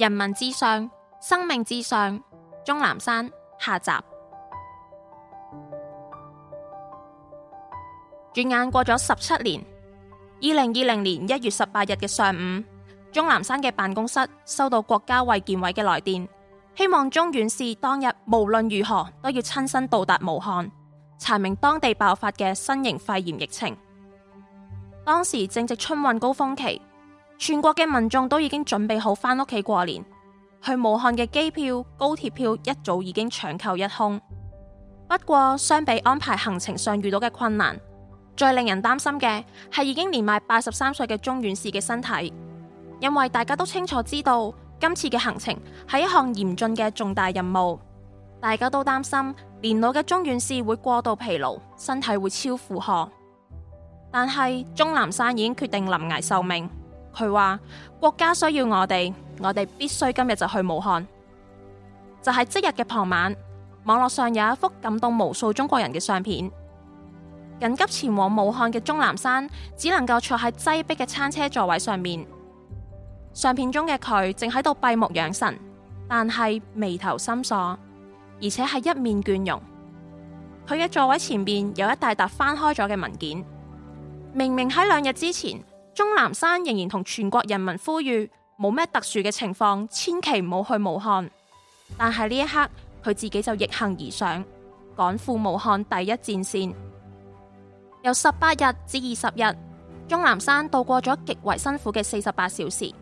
人民至上，生命至上。鍾南山下集。轉眼過咗十七年，二零二零年一月十八日嘅上午，鍾南山嘅辦公室收到國家衛健委嘅來電，希望鍾院士當日無論如何都要親身到達武漢，查明當地爆發嘅新型肺炎疫情。當時正值春運高峰期。全國嘅民眾都已經準備好翻屋企過年，去武漢嘅機票、高鐵票一早已經搶購一空。不過，相比安排行程上遇到嘅困難，最令人擔心嘅係已經年邁八十三歲嘅鍾院士嘅身體，因為大家都清楚知道今次嘅行程係一項嚴峻嘅重大任務，大家都擔心年老嘅鍾院士會過度疲勞，身體會超負荷。但係鍾南山已經決定臨危受命。佢話國家需要我哋，我哋必須今日就去武漢。就係即日嘅傍晚，網絡上有一幅感動無數中國人嘅相片。緊急前往武漢嘅鍾南山，只能夠坐喺擠逼嘅餐車座位上面。相片中嘅佢正喺度閉目養神，但係眉頭深鎖，而且係一面倦容。佢嘅座位前邊有一大沓翻開咗嘅文件，明明喺兩日之前。鐘南山仍然同全國人民呼籲冇咩特殊嘅情況，千祈唔好去武漢。但係呢一刻，佢自己就逆行而上，趕赴武漢第一戰線。由十八日至二十日，鐘南山度過咗極為辛苦嘅四十八小時，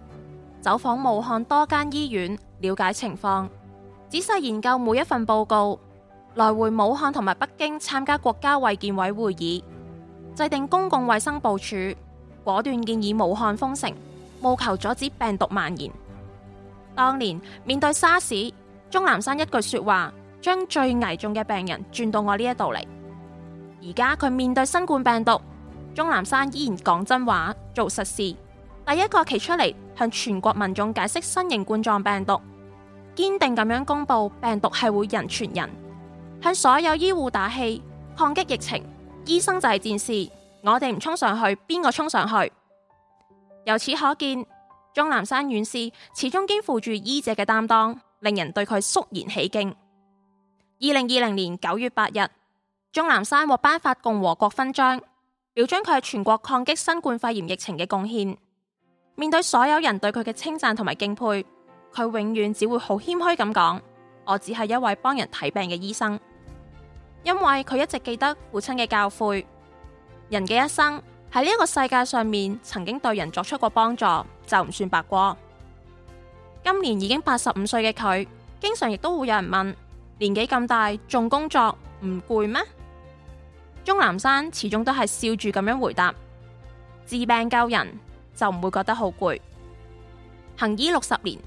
走訪武漢多間醫院，了解情況，仔細研究每一份報告，來回武漢同埋北京參加國家衛健委會議，制定公共衛生部署。果斷建議武漢封城，務求阻止病毒蔓延。當年面對沙士，鍾南山一句說話，將最危重嘅病人轉到我呢一度嚟。而家佢面對新冠病毒，鍾南山依然講真話，做實事。第一個企出嚟向全國民眾解釋新型冠狀病毒，堅定咁樣公布病毒係會人傳人，向所有醫護打氣，抗擊疫情。醫生就係戰士。我哋唔衝上去，邊個衝上去？由此可見，鍾南山院士始終肩負住醫者嘅擔當，令人對佢肅然起敬。二零二零年九月八日，鍾南山獲頒發共和國勳章，表彰佢係全國抗擊新冠肺炎疫情嘅貢獻。面對所有人對佢嘅稱讚同埋敬佩，佢永遠只會好謙虛咁講：我只係一位幫人睇病嘅醫生。因為佢一直記得父親嘅教誨。人嘅一生喺呢一個世界上面，曾經對人作出過幫助，就唔算白過。今年已經八十五歲嘅佢，經常亦都會有人問：年紀咁大，仲工作唔攰咩？鐘南山始終都係笑住咁樣回答：治病救人就唔會覺得好攰。行醫六十年，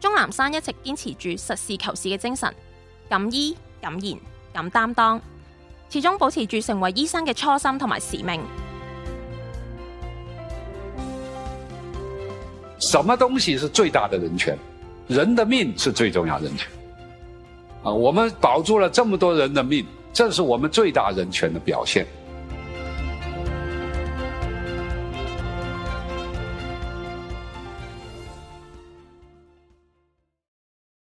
鐘南山一直堅持住實事求是嘅精神，敢醫敢言敢擔當。始終保持住成為醫生嘅初心同埋使命。什麼東西是最大的人權？人的命是最重要的人權。啊，我們保住了這麼多人的命，這是我們最大人權的表現。